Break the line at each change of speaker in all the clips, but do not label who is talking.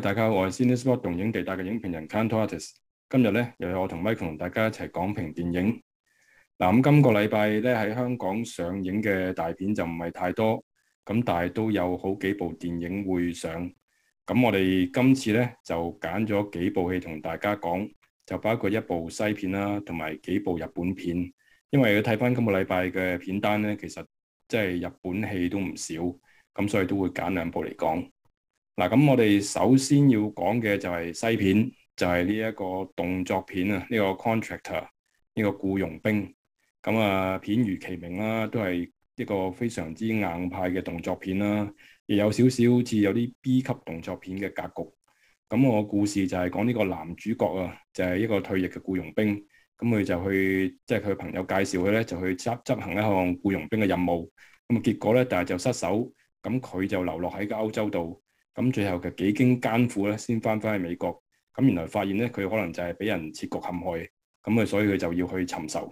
大家好，我是 Cinespot 動映地帶嘅影評人 Kantorates。今日咧，又係我同 Michael 同大家一齊講評電影。嗱，咁今個禮拜咧，喺香港上映嘅大片就唔係太多，咁但係都有好幾部電影會上。咁我哋今次咧就揀咗幾部戲同大家講，就包括一部西片啦，啊，同埋幾部日本片。因為要睇返今個禮拜嘅片單咧，其實即係日本戲都唔少，咁所以都會揀兩部嚟講。嗱，咁我哋首先要講嘅就係西片，就係呢一個動作片啊，呢個 contractor，呢個僱傭兵。咁啊，片如其名啦，都係一個非常之硬派嘅動作片啦，亦有少少好似有啲 B 級動作片嘅格局。咁我故事就係講呢個男主角啊，就係一個退役嘅僱傭兵，咁佢就去，即係佢朋友介紹佢咧，就去執執行一項僱傭兵嘅任務。咁啊，結果咧，但係就失手，咁佢就流落喺個歐洲度。咁最後嘅幾經艱苦咧，先翻返去美國。咁原來發現咧，佢可能就係俾人設局陷害。咁啊，所以佢就要去尋仇。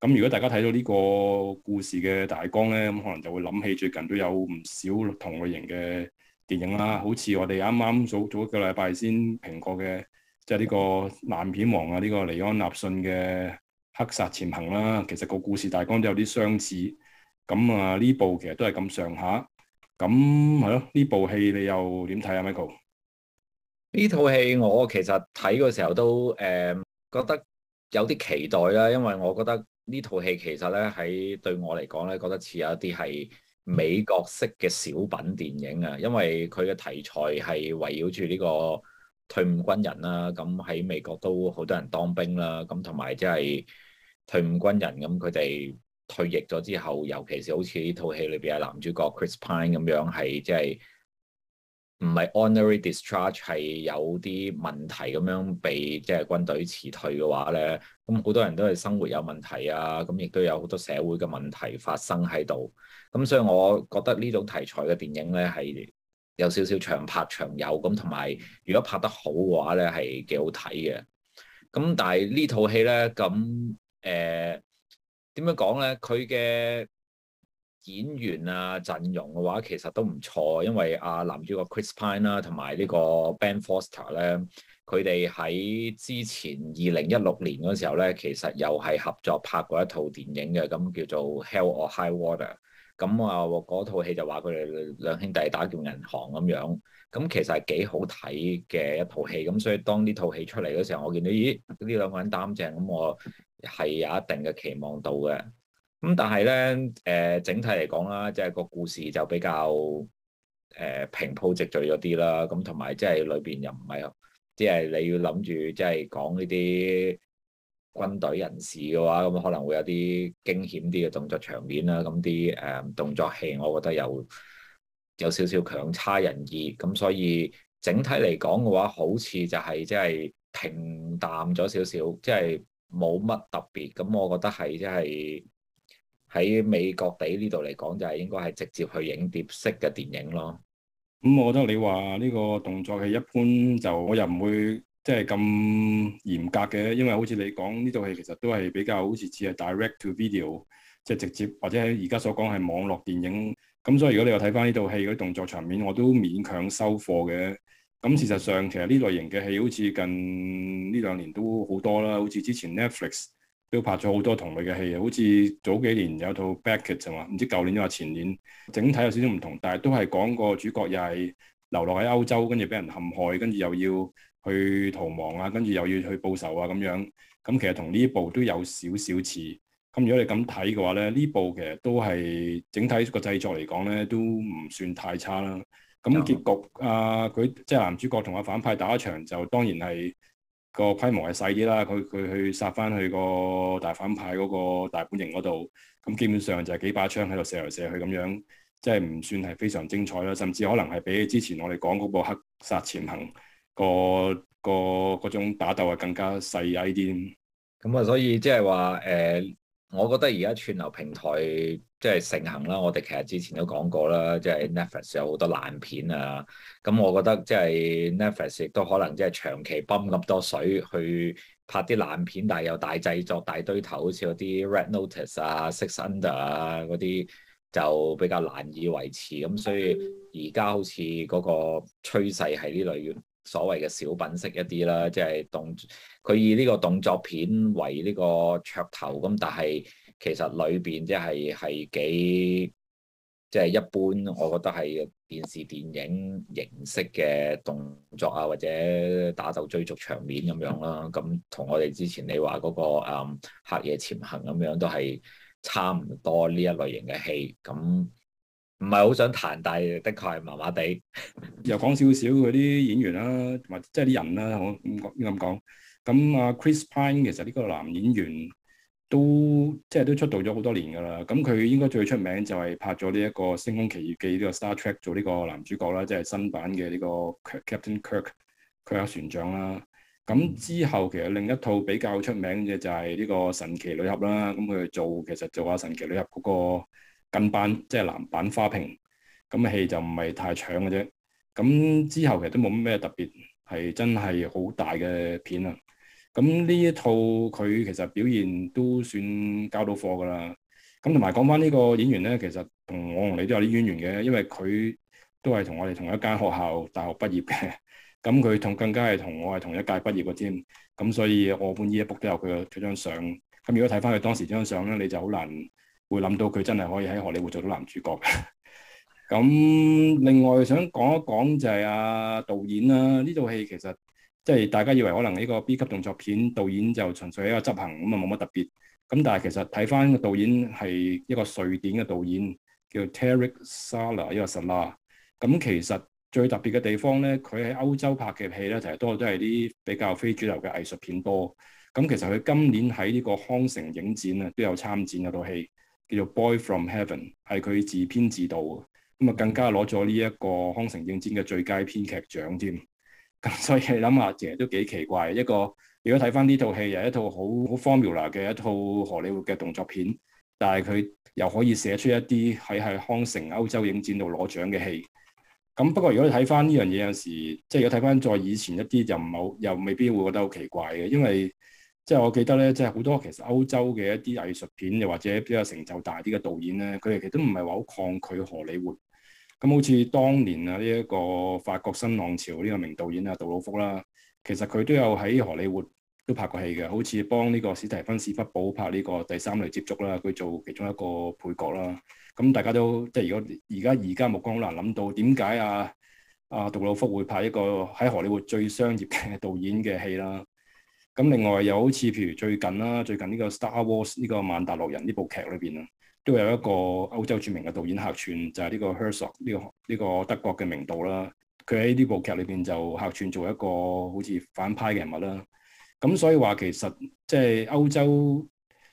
咁如果大家睇到呢個故事嘅大綱咧，咁可能就會諗起最近都有唔少同類型嘅電影啦。好似我哋啱啱早早一個禮拜先評過嘅，即係呢個爛片王啊，呢個尼安納遜嘅《黑殺潛行》啦。其實個故事大綱都有啲相似。咁啊，呢部其實都係咁上下。咁係咯，呢部戲你又點睇啊，Michael？呢套戲我其實睇嘅
時候都誒、呃、覺得有啲期待啦，因為我覺得呢套戲其實咧喺對我嚟講咧，覺得似有一啲係美國式嘅小品電影啊，因為佢嘅題材係圍繞住呢個退伍軍人啦，咁喺美國都好多人當兵啦，咁同埋即係退伍軍人咁佢哋退役咗之後，尤其是好似呢套戲裏邊嘅男主角 Chris Pine 咁樣，係即係唔係 honorary discharge 係有啲問題咁樣被即係軍隊辭退嘅話咧，咁好多人都係生活有問題啊，咁亦都有好多社會嘅問題發生喺度。咁所以我覺得呢種題材嘅電影咧係有少少長拍長有咁，同埋如果拍得好嘅話咧係幾好睇嘅。咁但係呢套戲咧，咁誒。呃點樣講咧？佢嘅演員啊陣容嘅話，其實都唔錯，因為阿、啊、男主角 Chris Pine 啦、啊，同埋呢個 Ben Foster 咧，佢哋喺之前二零一六年嗰時候咧，其實又係合作拍過一套電影嘅，咁叫做《Hell or High Water》。咁啊，嗰套戲就話佢哋兩兄弟打劫銀行咁樣，咁其實係幾好睇嘅一套戲，咁所以當呢套戲出嚟嘅時候，我見到咦呢兩個人擔正，咁我係有一定嘅期望度嘅。咁但係咧，誒整體嚟講啦，即係個故事就比較誒平鋪直敍咗啲啦，咁同埋即係裏邊又唔係，即係你要諗住即係講呢啲。軍隊人士嘅話，咁可能會有啲驚險啲嘅動作場面啦。咁啲誒動作戲，我覺得有有少少強差人意。咁所以整體嚟講嘅話，好似就係即係平淡咗少少，即係冇乜特別。咁我覺得係即係喺美國地呢度嚟講，就係、是、應該係直接去影碟式嘅電影咯。咁、
嗯、我覺得你話呢個動作戲一般，就我又唔會。即係咁嚴格嘅，因為好似你講呢套戲，其實都係比較好似似係 direct to video，即係直接或者而家所講係網絡電影。咁所以如果你又睇翻呢套戲嗰啲動作場面，我都勉強收貨嘅。咁事實上其實呢類型嘅戲好似近呢兩年都好多啦，好似之前 Netflix 都拍咗好多同類嘅戲。好似早幾年有一套《Beckett》啊嘛，唔知舊年定係前年，整體有少少唔同，但係都係講個主角又係流落喺歐洲，跟住俾人陷害，跟住又要。去逃亡啊，跟住又要去報仇啊，咁樣咁，其實同呢部都有少少似。咁如果你咁睇嘅話咧，呢部其實都係整體個製作嚟講咧，都唔算太差啦。咁、嗯、結局啊，佢即係男主角同阿反派打一場，就當然係個規模係細啲啦。佢佢去殺翻去個大反派嗰個大本營嗰度，咁基本上就係幾把槍喺度射嚟射去咁樣，即係唔算係非常精彩啦。甚至可能係比起之前我哋講嗰部《黑殺潛行》。嗰個個嗰種打鬥係更加細 I 啲，咁啊、嗯，所以即係話誒，我覺得而家
串流平台即係、就是、盛行啦。我哋其實之前都講過啦，即係 Netflix 有好多爛片啊。咁我覺得即係 Netflix 亦都可能即係長期泵咁多水去拍啲爛片，但係又大製作、大堆頭，好似嗰啲 Red Notice 啊、Six Under 啊嗰啲，就比較難以維持。咁所以而家好似嗰個趨勢係呢類，所謂嘅小品式一啲啦，即係動佢以呢個動作片為呢個噱頭，咁但係其實裏邊即係係幾即係一般，我覺得係電視電影形式嘅動作啊或者打鬥追逐場面咁樣啦，咁同我哋之前你話嗰個嗯黑夜潛行咁樣都係差唔多呢一類型嘅戲咁。唔係好想彈，但係的確係麻麻
地。 又講少少嗰啲演員啦，或即係啲人啦，我咁講。咁阿 Chris Pine 其實呢個男演員都即係都出道咗好多年㗎啦。咁佢應該最出名就係拍咗呢一個《星空奇遇記》呢個 Star Trek 做呢個男主角啦，即係新版嘅呢個 Captain Kirk 佢阿船長啦。咁之後其實另一套比較出名嘅就係呢個《神奇女俠》啦。咁佢做其實做下神奇女俠嗰個。跟班即係藍版花瓶，咁戲就唔係太搶嘅啫。咁之後其實都冇咩特別，係真係好大嘅片啊。咁呢一套佢其實表現都算交到貨噶啦。咁同埋講翻呢個演員咧，其實同我同你都有啲淵源嘅，因為佢都係同我哋同一間學校大學畢業嘅。咁佢同更加係同我係同一屆畢業嘅添。咁所以我本依一幅都有佢嘅佢張相。咁如果睇翻佢當時張相咧，你就好難。會諗到佢真係可以喺荷里活做到男主角嘅。 咁另外想講一講就係啊，導演啦、啊，呢套戲其實即係大家以為可能呢個 B 級動作片導演就純粹係一個執行咁啊，冇乜特別。咁但係其實睇翻個導演係一個瑞典嘅導演叫 Tarik Saleh，呢個 Saleh 啦。咁其實最特別嘅地方咧，佢喺歐洲拍嘅戲咧，其實多都係啲比較非主流嘅藝術片多。咁其實佢今年喺呢個康城影展啊都有參展嗰套戲。叫做《Boy From Heaven》，係佢自編自導，咁啊更加攞咗呢一個康城影展嘅最佳編劇獎添。咁所以你諗下，其實都幾奇怪。一個如果睇翻呢套戲，又係一套好好 formula 嘅一套荷里活嘅動作片，但係佢又可以寫出一啲喺喺康城歐洲影展度攞獎嘅戲。咁不過如果你睇翻呢樣嘢，有時即係如果睇翻再以前一啲就唔好，又未必會覺得好奇怪嘅，因為，即係我記得咧，即係好多其實歐洲嘅一啲藝術片，又或者比較成就大啲嘅導演咧，佢哋其實都唔係話好抗拒荷里活。咁好似當年啊，呢一個法國新浪潮呢個名導演啊，杜魯福啦，其實佢都有喺荷里活都拍過戲嘅，好似幫呢個史提芬史匹堡拍呢個《第三類接觸》啦，佢做其中一個配角啦。咁大家都即係如果而家而家目光好難諗到，啊，點解啊啊杜魯福會拍一個喺荷里活最商業嘅導演嘅戲啦？咁另外又好似譬如最近啦，最近呢個 Star Wars 呢個曼達洛人呢部劇裏邊啊，都有一個歐洲著名嘅導演客串，就係呢個 Herzog 呢個呢個德國嘅名導啦。佢喺呢部劇裏邊就客串做一個好似反派嘅人物啦。咁所以話其實即係歐洲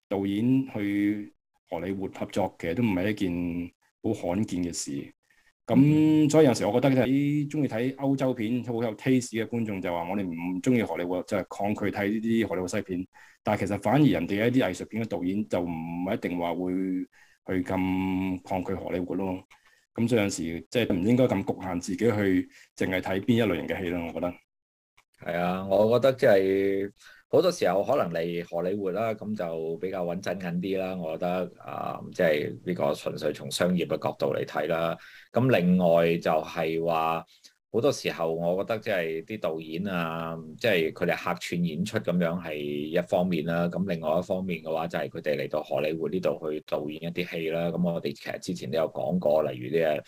導演去荷里活合作嘅都唔係一件好罕見嘅事。咁所以有陣時，我覺得你中意睇歐洲片好有 taste 嘅觀眾就話：我哋唔中意荷里活，就係抗拒睇呢啲荷里活西片。但係其實反而人哋一啲藝術片嘅導演就唔一定話會去咁抗拒荷里活咯。咁所以有陣時即係唔應該咁局限自己去淨係睇邊一類型嘅戲咯。我覺得係啊，我覺得即係
好多時候可能嚟荷里活啦，咁就比較穩陣緊啲啦。我覺得啊，即係呢個純粹從商業嘅角度嚟睇啦。咁另外就係話，好多時候我覺得即係啲導演啊，即係佢哋客串演出咁樣係一方面啦、啊。咁另外一方面嘅話，就係佢哋嚟到荷里活呢度去導演一啲戲啦、啊。咁我哋其實之前都有講過，例如啲啊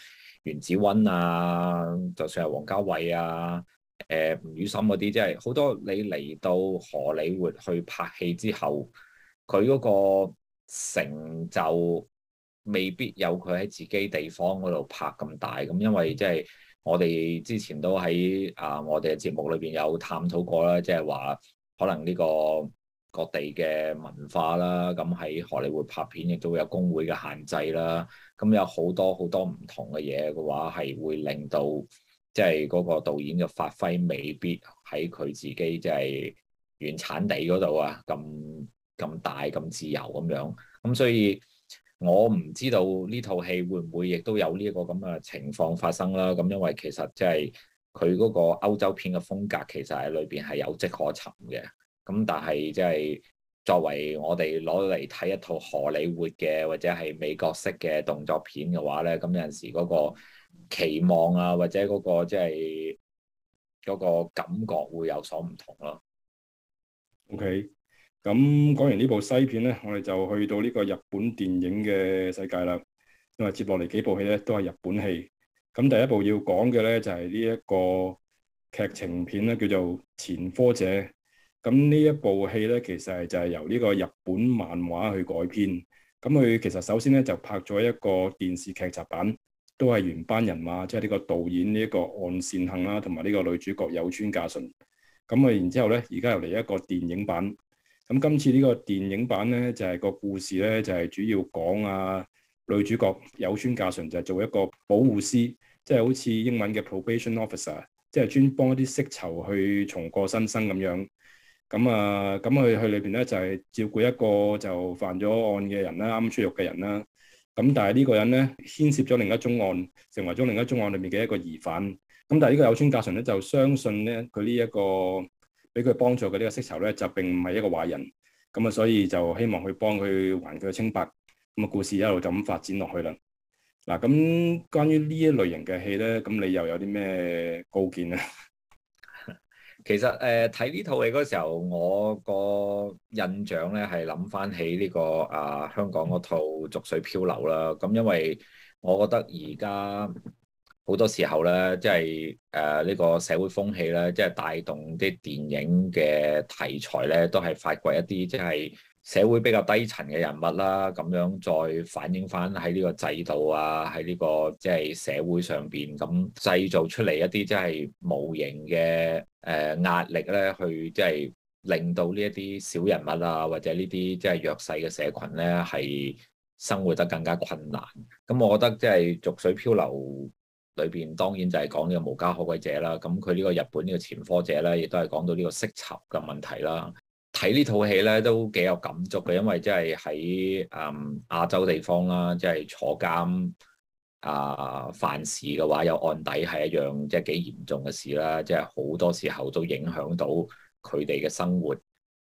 園子溫啊，就算係王家衞啊，誒、呃、吳宇森嗰啲，即係好多你嚟到荷里活去拍戲之後，佢嗰個成就。未必有佢喺自己地方嗰度拍咁大，咁因為即係我哋之前都喺啊，我哋嘅節目裏邊有探討過啦，即係話可能呢個各地嘅文化啦，咁喺荷里活拍片亦都會有工會嘅限制啦，咁有好多好多唔同嘅嘢嘅話，係會令到即係嗰個導演嘅發揮未必喺佢自己即係、就是、原產地嗰度啊，咁咁大咁自由咁樣，咁所以。我唔知道呢套戲會唔會亦都有呢一個咁嘅情況發生啦。咁因為其實即係佢嗰個歐洲片嘅風格，其實係裏邊係有跡可尋嘅。咁但係即係作為我哋攞嚟睇一套荷里活嘅或者係美國式嘅動作片嘅話咧，咁有陣時嗰個期望啊或
者嗰個即係嗰個感覺會有所唔同咯。OK。咁講完呢部西片咧，我哋就去到呢個日本電影嘅世界啦。因為接落嚟幾部戲咧都係日本戲。咁第一部要講嘅咧就係呢一個劇情片咧，叫做《前科者》。咁呢一部戲咧其實係就係由呢個日本漫畫去改編。咁佢其實首先咧就拍咗一個電視劇集版，都係原班人馬，即係呢個導演呢個岸善幸啦，同埋呢個女主角有村架純。咁啊，然之後咧，而家又嚟一個電影版。咁今次呢個電影版呢，就係個故事呢，就係主要講啊女主角有村架純就係做一個保護師，即係好似英文嘅 probation officer，即係專幫一啲釋囚去重過新生咁樣。咁啊，咁佢去裏邊呢，就係照顧一個就犯咗案嘅人啦，啱出獄嘅人啦。咁但係呢個人呢，牽涉咗另一宗案，成為咗另一宗案裏面嘅一個疑犯。咁但係呢個有村架純呢，就相信呢，佢呢一個。俾佢幫助嘅呢個釋囚咧，就並唔係一個壞人，咁啊，所以就希望去幫佢還佢清白。咁啊，故事一路就咁發展落去啦。嗱，咁關於呢一類型嘅戲咧，咁你又有啲咩高見咧？其實誒，睇呢套戲嗰時候，
我個印象咧係諗翻起呢、呢個啊、呃、香港嗰套《濁水漂流》啦。咁因為我覺得而家。好多時候咧，即係誒呢個社會風氣咧，即係帶動啲電影嘅題材咧，都係發掘一啲即係社會比較低層嘅人物啦，咁樣再反映翻喺呢個制度啊，喺呢個即係社會上邊，咁製造出嚟一啲即係無形嘅誒壓力咧，去即係令到呢一啲小人物啊，或者呢啲即係弱勢嘅社群咧，係生活得更加困難。咁我覺得即係《濁水漂流》。裏邊當然就係講呢個無家可歸者啦，咁佢呢個日本呢個前科者咧，亦都係講到呢個釋囚嘅問題啦。睇呢套戲咧都幾有感觸嘅，因為即係喺亞洲地方啦，即係坐監啊犯事嘅話，有案底係一樣即係幾嚴重嘅事啦。即係好多時候都影響到佢哋嘅生活。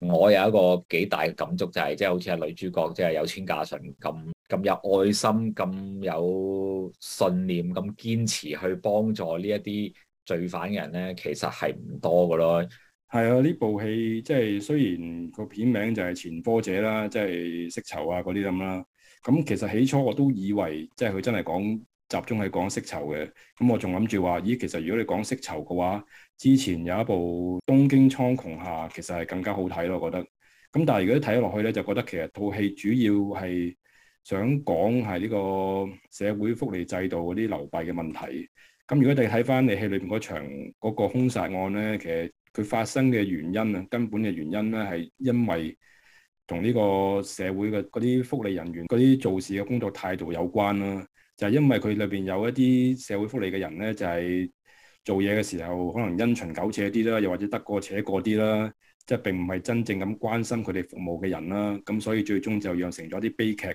我有一個幾大嘅感觸就係，即係好似女主角即係有村架純咁。咁有愛心、咁有信念、咁堅持去幫助呢
一啲罪犯嘅人咧，其實係唔多噶咯。係啊，呢部戲即係雖然個片名就係《前科者》啦，即係釋囚啊嗰啲咁啦。咁其實起初我都以為，即係佢真係講集中係講釋囚嘅。咁我仲諗住話，咦，其實如果你講釋囚嘅話，之前有一部《東京蒼穹下》，其實係更加好睇咯，我覺得。咁但係如果睇落去咧，就覺得其實套戲主要係。想講係呢個社會福利制度嗰啲流弊嘅問題。咁如果你睇返你戲裏邊嗰場嗰個兇殺案咧，其實佢發生嘅原因啊，根本嘅原因咧係因為同呢個社會嘅嗰啲福利人員嗰啲做事嘅工作態度有關啦。就係、是、因為佢裏邊有一啲社會福利嘅人咧，就係做嘢嘅時候可能因循苟且啲啦，又或者得過且過啲啦，即、就、係、是、並唔係真正咁關心佢哋服務嘅人啦。咁所以最終就釀成咗啲悲劇。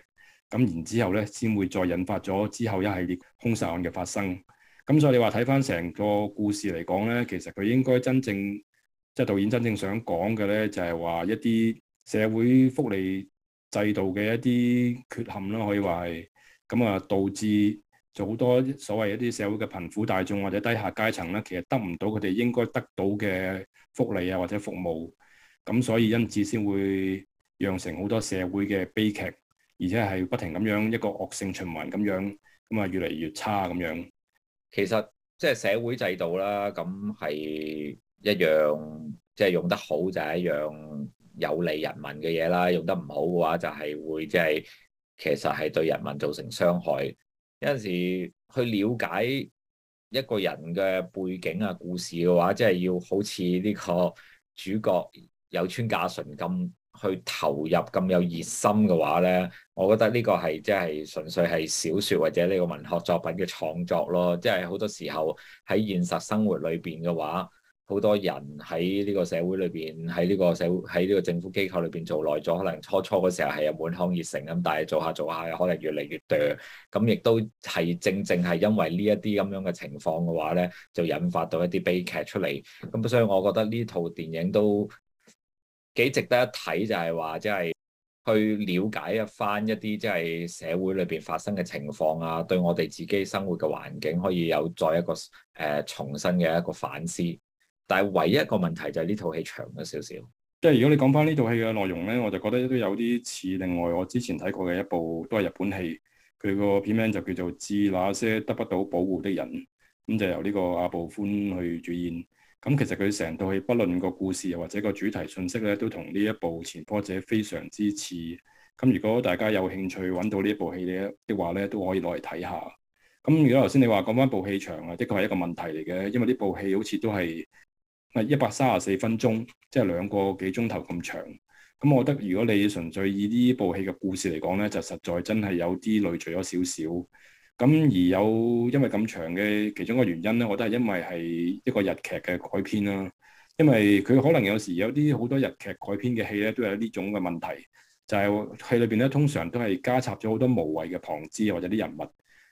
咁然之後咧，先會再引發咗之後一系列兇殺案嘅發生。咁所以你話睇返成個故事嚟講咧，其實佢應該真正即係、就是、導演真正想講嘅咧，就係、是、話一啲社會福利制度嘅一啲缺陷啦，可以話係咁啊，導致就好多所謂一啲社會嘅貧苦大眾或者低下階層咧，其實得唔到佢哋應該得到嘅福利啊，或者服務。咁所以因此先會釀成好多社會嘅悲劇。而且係不停咁樣一個惡性循環咁樣，咁啊越嚟越差咁樣。其實即係
社會制度啦，咁係一樣，即係用得好就係一樣有利人民嘅嘢啦。用得唔好嘅話，就係會即係其實係對人民造成傷害。有陣時去了解一個人嘅背景啊、故事嘅話，即係要好似呢個主角有村架純咁。去投入咁有熱心嘅話咧，我覺得呢個係即係純粹係小說或者呢個文學作品嘅創作咯。即係好多時候喺現實生活裏邊嘅話，好多人喺呢個社會裏邊，喺呢個社會喺呢個政府機構裏邊做耐咗，可能初初嗰時候係有滿腔熱誠咁，但係做下做下又可能越嚟越對。咁亦都係正正係因為呢一啲咁樣嘅情況嘅話咧，就引發到一啲悲劇出嚟。咁所以我覺得呢套電影都。幾值得一睇就係話，即係去了解一翻一啲即係社會裏邊發生嘅情況啊，對我哋自己生活嘅環境可以有再一個誒、呃、
重新嘅一個反思。但係
唯一一個問題就係呢套戲長咗少
少。即係如果你講翻呢套戲嘅內容咧，我就覺得都有啲似另外我之前睇過嘅一部都係日本戲，佢個片名就叫做《致那些得不到保護的人》，咁就由呢個阿部寬去主演。咁其實佢成套戲，不論個故事又或者個主題信息咧，都同呢一部前科者非常之似。咁如果大家有興趣揾到呢部戲嘅的話咧，都可以攞嚟睇下。咁如果頭先你話講返部戲長啊，的確係一個問題嚟嘅，因為呢部戲好似都係唔係一百三十四分鐘，即係兩個幾鐘頭咁長。咁我覺得如果你純粹以呢部戲嘅故事嚟講咧，就實在真係有啲累贅咗少少。咁而有，因為咁長嘅其中一個原因咧，我覺得係因為係一個日劇嘅改編啦、啊。因為佢可能有時有啲好多日劇改編嘅戲咧，都有呢種嘅問題，就係、是、戲裏邊咧通常都係加插咗好多無謂嘅旁枝或者啲人物。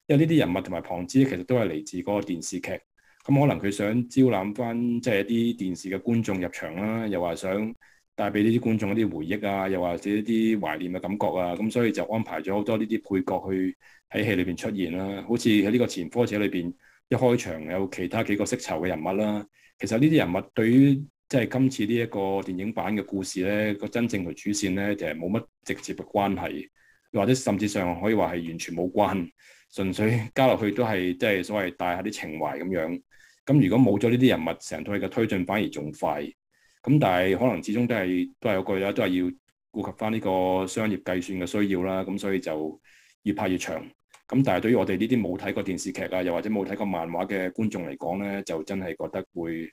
因為呢啲人物同埋旁枝其實都係嚟自嗰個電視劇。咁、嗯、可能佢想招攬翻即係一啲電視嘅觀眾入場啦、啊，又話想。帶俾呢啲觀眾一啲回憶啊，又或者一啲懷念嘅感覺啊，咁所以就安排咗好多呢啲配角去喺戲裏邊出現啦、啊。好似喺呢個前科者裏邊，一開場有其他幾個釋囚嘅人物啦、啊。其實呢啲人物對於即係、就是、今次呢一個電影版嘅故事咧，個真正同主線咧，其實冇乜直接嘅關係，或者甚至上可以話係完全冇關，純粹加落去都係即係所謂帶下啲情懷咁樣。咁如果冇咗呢啲人物，成套戲嘅推進反而仲快。咁但係可能始終都係都係嗰句啦，都係要顧及翻呢個商業計算嘅需要啦。咁所以就越拍越長。咁但係對於我哋呢啲冇睇過電視劇啊，又或者冇睇過漫畫嘅觀眾嚟講咧，就真係覺得會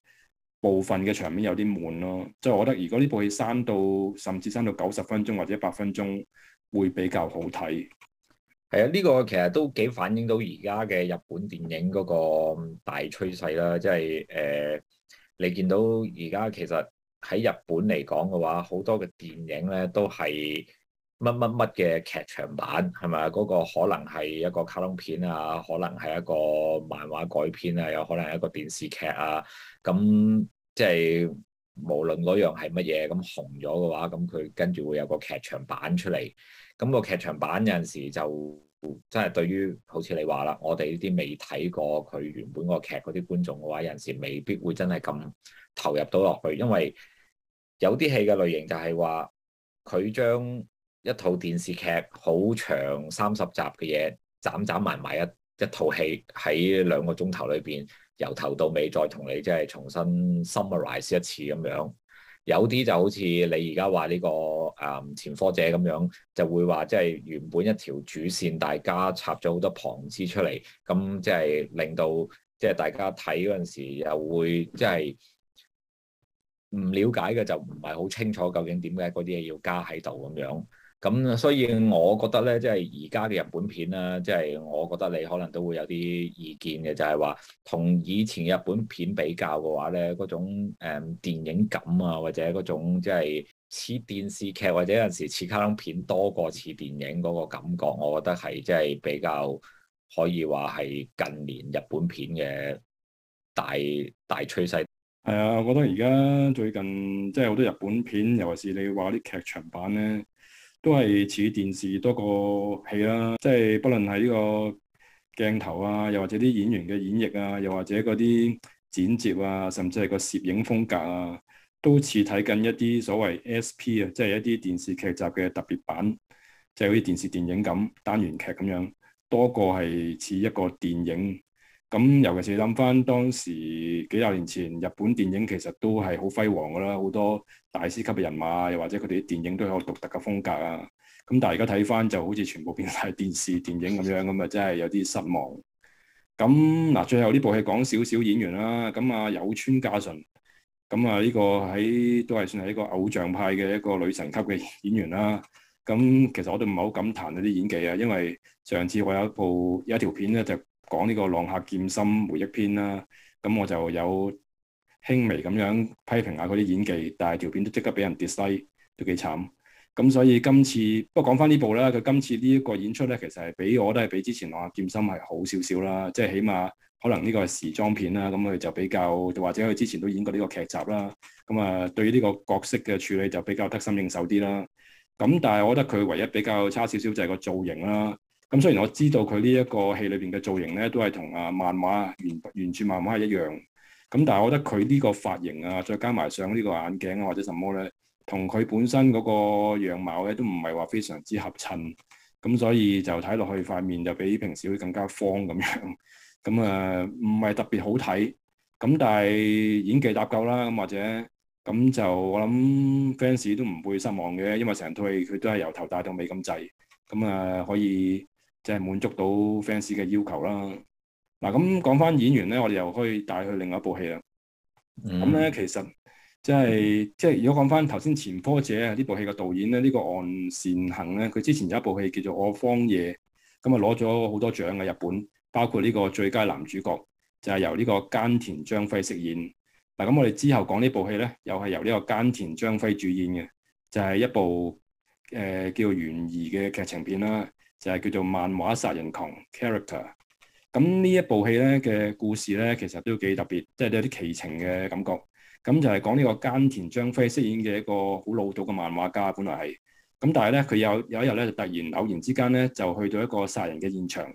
部分嘅場面有啲悶咯。即係我覺得，如果呢部戲刪到甚至刪到九十分鐘或者一百分鐘，會比較好睇。係啊，呢個其實都幾反映到而家嘅日本電影嗰個大趨
勢啦。即係誒，你見到而家其實。喺日本嚟講嘅話，好多嘅電影咧都係乜乜乜嘅劇場版，係咪啊？嗰個可能係一個卡通片啊，可能係一個漫畫改編啊，有可能係一個電視劇啊。咁即係無論嗰樣係乜嘢，咁紅咗嘅話，咁佢跟住會有個劇場版出嚟。咁個劇場版有陣時就真係對於好似你話啦，我哋呢啲未睇過佢原本個劇嗰啲觀眾嘅話，有陣時未必會真係咁投入到落去，因為有啲戲嘅類型就係話，佢將一套電視劇好長三十集嘅嘢斬斬埋埋一一套戲喺兩個鐘頭裏邊，由頭到尾再同你即係重新 summarize 一次咁樣。有啲就好似你而家話呢個誒前科者咁樣，就會話即係原本一條主線，大家插咗好多旁枝出嚟，咁即係令到即係大家睇嗰陣時又會即係。唔了解嘅就唔係好清楚究竟點解嗰啲嘢要加喺度咁樣，咁所以我覺得咧，即係而家嘅日本片啦，即係我覺得你可能都會有啲意見嘅，就係話同以前日本片比較嘅話咧，嗰種誒電影感啊，或者嗰種即係似電視劇或者有陣時似卡通片多過似電影嗰個感覺，我覺得係即係比較可以話係近年日本片嘅
大大趨勢。係啊，我覺得而家最近即係好多日本片，尤其是你話啲劇場版咧，都係似電視多過戲啦。即係不論係呢個鏡頭啊，又或者啲演員嘅演繹啊，又或者嗰啲剪接啊，甚至係個攝影風格啊，都似睇緊一啲所謂 S.P. 啊，即係一啲電視劇集嘅特別版，即係好似電視電影咁單元劇咁樣，多過係似一個電影。咁尤其是諗翻當時幾廿年前，日本電影其實都係好輝煌噶啦，好多大師級嘅人馬，又或者佢哋啲電影都有獨特嘅風格啊。咁但係而家睇翻就好似全部變晒電視電影咁樣，咁啊，真係有啲失望。咁嗱，最後呢部戲講少少演員啦。咁啊，有村架純，咁啊呢個喺都係算係一個偶像派嘅一個女神級嘅演員啦。咁其實我都唔係好敢彈嗰啲演技啊，因為上次我有一部有一條片咧就。講呢個《浪客劍心》回憶篇啦，咁我就有輕微咁樣批評下嗰啲演技，但係條片都即刻俾人 delete 都幾慘。咁所以今次不過講翻呢部啦，佢今次呢一個演出咧，其實係比我都係比之前《浪客劍心》係好少少啦。即係起碼可能呢個係時裝片啦，咁佢就比較，或者佢之前都演過呢個劇集啦。咁啊，對於呢個角色嘅處理就比較得心應手啲啦。咁但係我覺得佢唯一比較差少少就係個造型啦。咁雖然我知道佢呢一個戲裏邊嘅造型咧，都係同啊漫畫原原著漫畫一樣，咁但係我覺得佢呢個髮型啊，再加埋上呢個眼鏡啊或者什麼咧，同佢本身嗰個樣貌咧都唔係話非常之合襯，咁所以就睇落去塊面就比平時會更加方咁樣，咁啊唔係特別好睇，咁但係演技搭夠啦，咁或者咁就我諗 fans 都唔會失望嘅，因為成套戲佢都係由頭戴到尾咁滯，咁啊可以。即係滿足到 fans 嘅要求啦。嗱、啊，咁講翻演員咧，我哋又可以帶佢去另外一部戲啦。咁咧、嗯，其實即係即係，就是、如果講翻頭先《前科者》呢部戲嘅導演咧，呢、這個岸善行咧，佢之前有一部戲叫做《我荒野》，咁啊攞咗好多獎嘅日本，包括呢個最佳男主角，就係、是、由呢個菅田將暉飾演。嗱、啊，咁我哋之後講呢部戲咧，又係由呢個菅田將暉主演嘅，就係、是、一部誒、呃、叫懸疑嘅劇情片啦。就係叫做漫畫殺人狂 Character。咁呢一部戲咧嘅故事咧，其實都幾特別，即係有啲奇情嘅感覺。咁就係講呢個菅田將暉飾演嘅一個好老道嘅漫畫家，本來係。咁但係咧，佢有有一日咧，就突然偶然之間咧，就去到一個殺人嘅現場。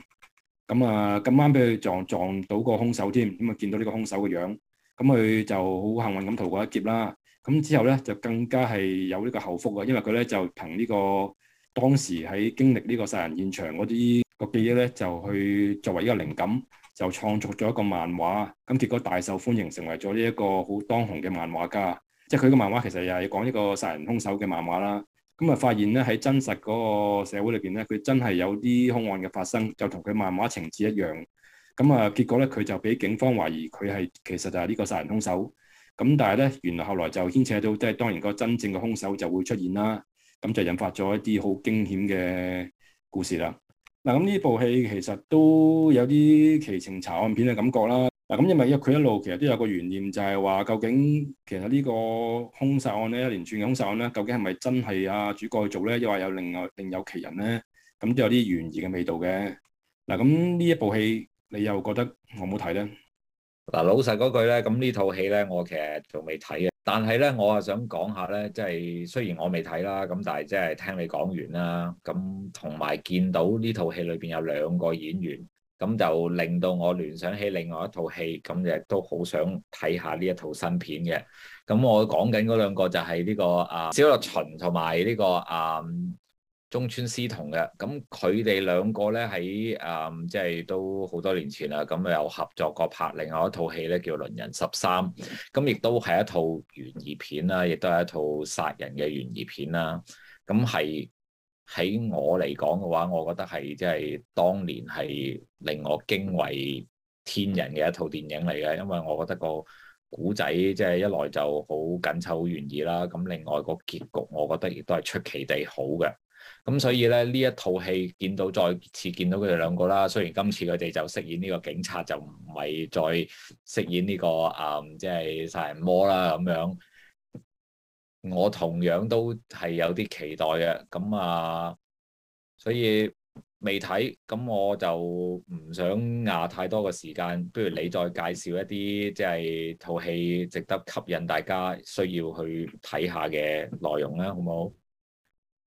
咁啊，咁啱俾佢撞撞到個兇手添。咁啊，見到呢個兇手嘅樣，咁佢就好幸運咁逃過一劫啦。咁之後咧，就更加係有呢個後福啊，因為佢咧就憑呢個。當時喺經歷呢個殺人現場嗰啲個記憶咧，就去作為一個靈感，就創作咗一個漫畫，咁結果大受歡迎，成為咗呢一個好當紅嘅漫畫家。即係佢嘅漫畫其實又係講一個殺人兇手嘅漫畫啦。咁啊，發現咧喺真實嗰個社會裏邊咧，佢真係有啲兇案嘅發生，就同佢漫畫情節一樣。咁啊，結果咧佢就俾警方懷疑佢係其實就係呢個殺人兇手。咁但係咧，原來後來就牽扯到即係當然個真正嘅兇手就會出現啦。咁就引發咗一啲好驚險嘅故事啦。嗱，咁呢部戲其實都有啲奇情查案片嘅感覺啦。嗱，咁因為一佢一路其實都有個懸念，就係話究竟其實呢個兇殺案咧，一連串嘅兇殺案咧，究竟係咪真係阿主角去做咧，又話有另外另有其人咧，咁都有啲懸疑嘅味道嘅。嗱，咁呢一部戲你又覺得我冇睇咧？嗱，老
實嗰句咧，咁呢套戲咧，我其實仲未睇啊，但係咧，我啊想講下咧，即係雖然我未睇啦，咁但係即係聽你講完啦，咁同埋見到呢套戲裏邊有兩個演員，咁就令到我聯想起另外一套戲，咁亦都好想睇下呢一套新片嘅。咁我講緊嗰兩個就係呢個啊，小栗旬同埋呢個啊，中村獅童嘅，咁佢哋兩個咧喺誒，即係都好多年前啦。咁又合作過拍另外一套戲咧，叫《鄰人十三》。咁亦都係一套懸疑片啦，亦都係一套殺人嘅懸疑片啦。咁係喺我嚟講嘅話，我覺得係即係當年係令我驚為天人嘅一套電影嚟嘅。因為我覺得個古仔即係一來就好緊湊好懸疑啦，咁另外個結局，我覺得亦都係出奇地好嘅。咁所以咧，呢一套戲見到，再次見到佢哋兩個啦。雖然今次佢哋就飾演呢個警察，就唔係再飾演呢個啊，即係殺人魔啦咁樣。我同樣都係有啲期待嘅。咁啊，所以未睇，咁我就唔想牙太多嘅時間。不如你再介紹一啲即係套戲值得吸引大家需要去睇下嘅內容
啦，好唔好？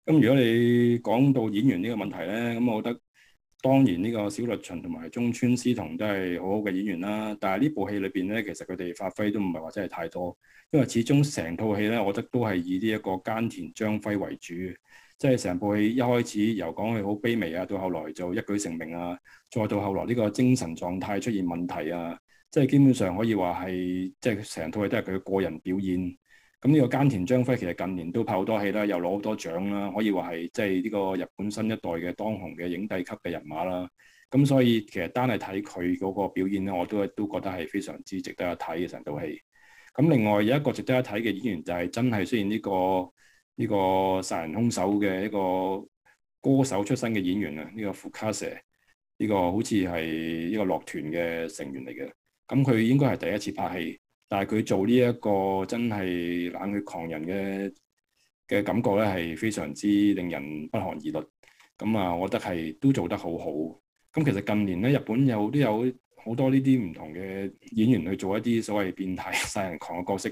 咁如果你講到演員呢個問題呢，咁我覺得當然呢個小栗旬同埋中村獅童都係好好嘅演員啦。但係呢部戲裏邊呢，其實佢哋發揮都唔係話真係太多，因為始終成套戲呢，我覺得都係以呢一個菅田將暉為主，即係成部戲一開始由講佢好卑微啊，到後來就一舉成名啊，再到後來呢個精神狀態出現問題啊，即係基本上可以話係即係成套戲都係佢個人表演。咁呢、這個菅田將暉其實近年都拍好多戲啦，又攞好多獎啦，可以話係即係呢個日本新一代嘅當紅嘅影帝級嘅人馬啦。咁所以其實單係睇佢嗰個表演咧，我都都覺得係非常之值得一睇嘅成套戲。咁另外有一個值得一睇嘅演員就係、是、真係雖然呢、這個呢、這個殺人兇手嘅一個歌手出身嘅演員啊，呢、這個 Fukase 呢個好似係一個樂團嘅成員嚟嘅。咁佢應該係第一次拍戲。但係佢做呢一個真係冷血狂人嘅嘅感覺咧，係非常之令人不寒而慄。咁啊，我覺得係都做得好好。咁其實近年咧，日本有都有好多呢啲唔同嘅演員去做一啲所謂變態殺人狂嘅角色，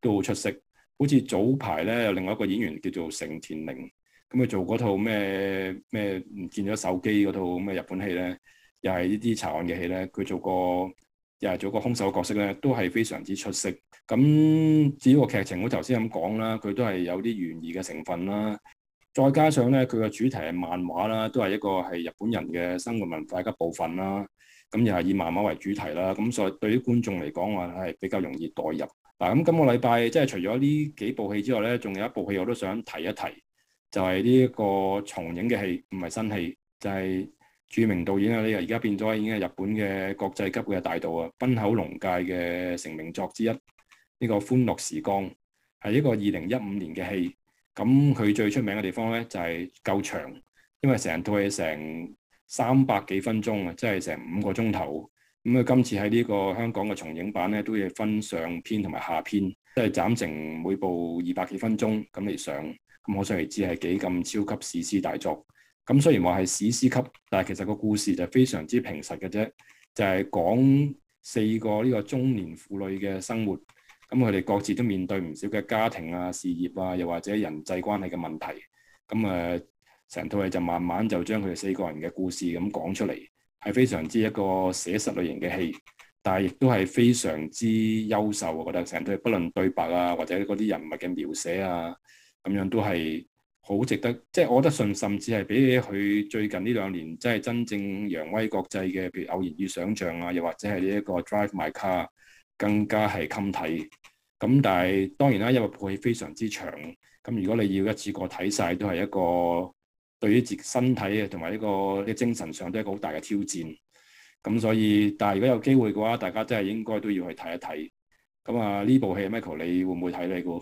都好出色。好似早排咧，有另外一個演員叫做成田凌，咁佢做嗰套咩咩唔見咗手機嗰套咁嘅日本戲咧，又係呢啲查案嘅戲咧，佢做過。又係做個兇手角色咧，都係非常之出色。咁至於個劇情，我頭先咁講啦，佢都係有啲懸疑嘅成分啦。再加上咧，佢嘅主題係漫畫啦，都係一個係日本人嘅生活文化嘅部分啦。咁又係以漫畫為主題啦。咁所以對於觀眾嚟講話，係比較容易代入。嗱，咁今個禮拜即係除咗呢幾部戲之外咧，仲有一部戲我都想提一提，就係呢一個重映嘅戲，唔係新戲，就係……著名導演啊，呢個而家變咗已經係日本嘅國際級嘅大導啊，濱口龍介嘅成名作之一，呢、這個《歡樂時光》係一個二零一五年嘅戲，咁佢最出名嘅地方咧就係、是、夠長，因為套戲成套戲成三百幾分鐘啊，即係成五個鐘頭。咁佢今次喺呢個香港嘅重影版咧都要分上篇同埋下篇，即係斬成每部二百幾分鐘咁嚟上，咁可想而知係幾咁超級史詩大作。咁雖然話係史詩級，但係其實個故事就非常之平實嘅啫，就係講四個呢個中年婦女嘅生活，咁佢哋各自都面對唔少嘅家庭啊、事業啊，又或者人際關係嘅問題，咁誒成套戲就慢慢就將佢哋四個人嘅故事咁講出嚟，係非常之一個寫實類型嘅戲，但係亦都係非常之優秀，我覺得成套戲，不論對白啊，或者嗰啲人物嘅描寫啊，咁樣都係。好值得，即係我覺得，甚至係比起佢最近呢兩年，即係真正揚威國際嘅，譬如偶然與想象啊，又或者係呢一個 Drive My Car，更加係襟睇。咁但係當然啦，因為部戲非常之長，咁如果你要一次過睇晒，都係一個對於自身體啊，同埋一個啲精神上都係一個好大嘅挑戰。咁所以，但係如果有機會嘅話，大家真係應該都要去睇一睇。咁啊，呢部戲 Michael，你會唔會睇你個？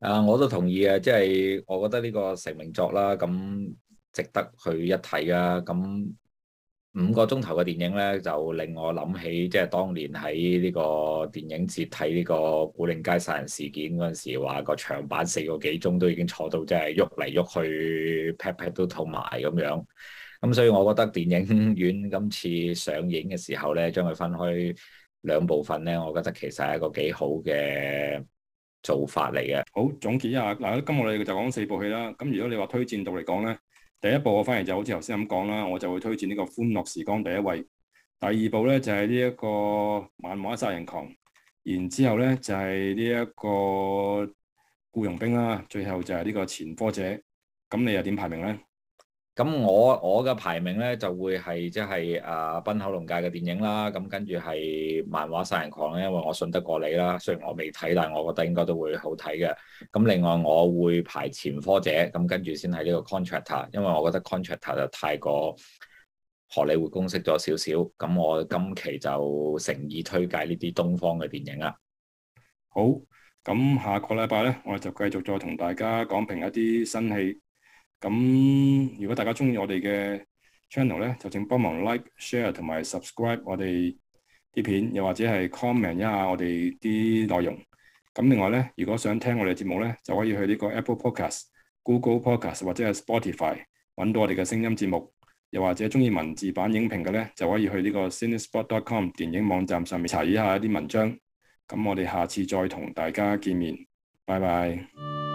啊！我都同意啊，即
係我覺得呢個成名作啦，咁值得去一睇啊。咁五個鐘頭嘅電影呢，就令我諗起即係當年喺呢個電影節睇呢個《古靈街殺人事件》嗰陣時，話個長版四個幾鐘都已經坐到即係喐嚟喐去，pat pat 都痛埋咁樣。咁所以我覺得電影院 今次上映嘅時候呢，將佢分開兩部分呢，我覺得其實係一個幾好嘅。做法嚟嘅。好，
總結一下，嗱，今日我哋就講四部戲啦。咁如果你話推薦度嚟講咧，第一部我反而就好似頭先咁講啦，我就會推薦呢個歡樂時光第一位。第二部咧就係呢一個漫畫殺人狂，然之後咧就係呢一個孤傭兵啦，最後就係呢個前科者。咁你又點排名咧？咁我我嘅排名咧
就會係即係啊《濱口龍介》嘅電影啦，咁跟住係漫畫殺人狂咧，因為我信得過你啦，雖然我未睇，但係我覺得應該都會好睇嘅。咁另外我會排前科者，咁跟住先係呢個 Contractor，因為我覺得 Contractor 就太過荷里活公式咗少少。咁我今期就誠意推介呢啲東
方嘅電影啦。好，咁下個禮拜咧，我就繼續再同大家講評一啲新戲。咁如果大家中意我哋嘅 channel 咧，就請幫忙 like、share 同埋 subscribe 我哋啲片，又或者係 comment 一下我哋啲內容。咁另外咧，如果想聽我哋節目咧，就可以去呢個 Apple Podcast、Google Podcast 或者係 Spotify 搵到我哋嘅聲音節目。又或者中意文字版影評嘅咧，就可以去呢個 CineSpot.com 電影網站上面查一下一啲文章。咁我哋下次再同大家見面，拜拜。